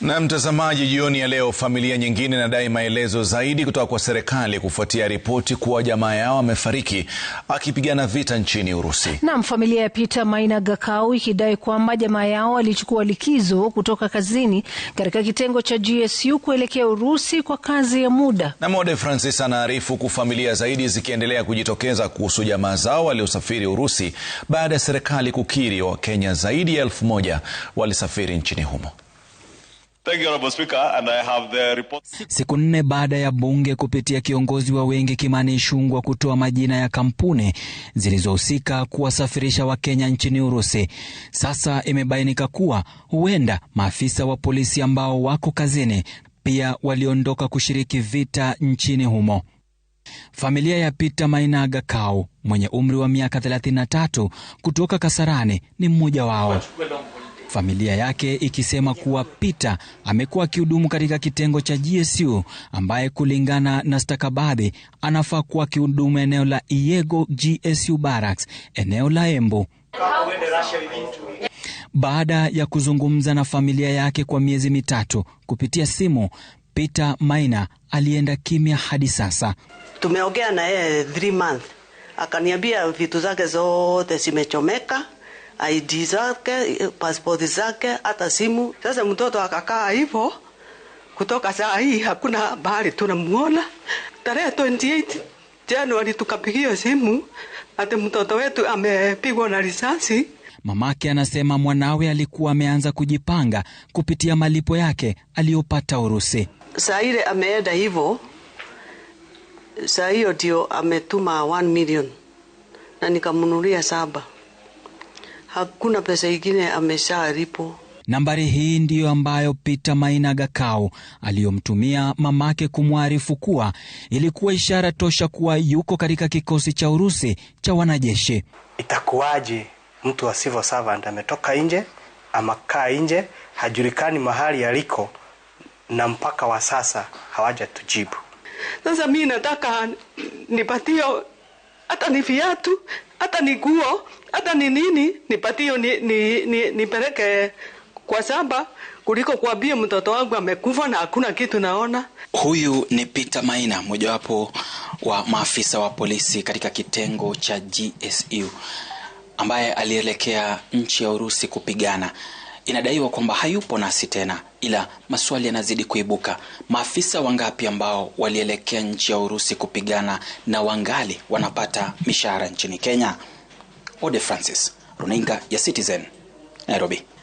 Na mtazamaji, jioni ya leo, familia nyingine inadai maelezo zaidi kutoka kwa serikali kufuatia ripoti kuwa jamaa yao amefariki akipigana vita nchini Urusi. Naam, familia ya Peter Maina Gakau ikidai kwamba jamaa yao alichukua likizo kutoka kazini katika kitengo cha GSU kuelekea Urusi kwa kazi ya muda. Na Mode Francis anaarifu ku familia zaidi zikiendelea kujitokeza kuhusu jamaa zao waliosafiri Urusi baada ya serikali kukiri Wakenya zaidi ya elfu moja walisafiri nchini humo. Siku nne baada ya bunge kupitia kiongozi wa wengi Kimani Ichung'wah kutoa majina ya kampuni zilizohusika kuwasafirisha Wakenya nchini Urusi, sasa imebainika kuwa huenda maafisa wa polisi ambao wako kazini pia waliondoka kushiriki vita nchini humo. Familia ya Peter Mainaga Kau mwenye umri wa miaka 33 kutoka Kasarani ni mmoja wao familia yake ikisema kuwa Peter amekuwa akihudumu katika kitengo cha GSU ambaye kulingana na stakabadhi anafaa kuwa akihudumu eneo la Iego GSU Barracks eneo la Embu. Baada ya kuzungumza na familia yake kwa miezi mitatu kupitia simu, Peter Maina alienda kimya hadi sasa. Tumeongea na yeye 3 month, akaniambia vitu zake zote zimechomeka ID zake, pasipoti zake, hata simu. Sasa mtoto akakaa hivyo kutoka saa hii hakuna bahari tunamuona. Tarehe 28 Januari tukapigia simu ati mtoto wetu amepigwa na risasi. Mamake anasema mwanawe alikuwa ameanza kujipanga kupitia malipo yake aliyopata Urusi. Saa ile ameenda hivyo, saa hiyo ndio ametuma 1 million na nikamnunulia saba hakuna pesa ingine aripo Nambari hii ndiyo ambayo pita Maina Gakau aliyomtumia mamake kumwarifu kuwa ilikuwa ishara tosha kuwa yuko katika kikosi cha Urusi cha wanajeshi. Itakuwaje mtu wa civil servant ametoka nje amakaa nje, hajulikani mahali aliko, na mpaka wa sasa hawajatujibu. Sasa mi nataka nipatie hata ni viatu, hata ni guo hata ni nini, nipatio ni, ni, ni, nipeleke kwa shamba kuliko kuambia mtoto wangu amekufa na hakuna kitu naona. Huyu ni Peter Maina, mojawapo wa maafisa wa polisi katika kitengo cha GSU ambaye alielekea nchi ya Urusi kupigana inadaiwa kwamba hayupo nasi tena, ila maswali yanazidi kuibuka. Maafisa wangapi ambao walielekea nchi ya Urusi kupigana na wangali wanapata mishahara nchini Kenya? Ode Francis, runinga ya Citizen, Nairobi.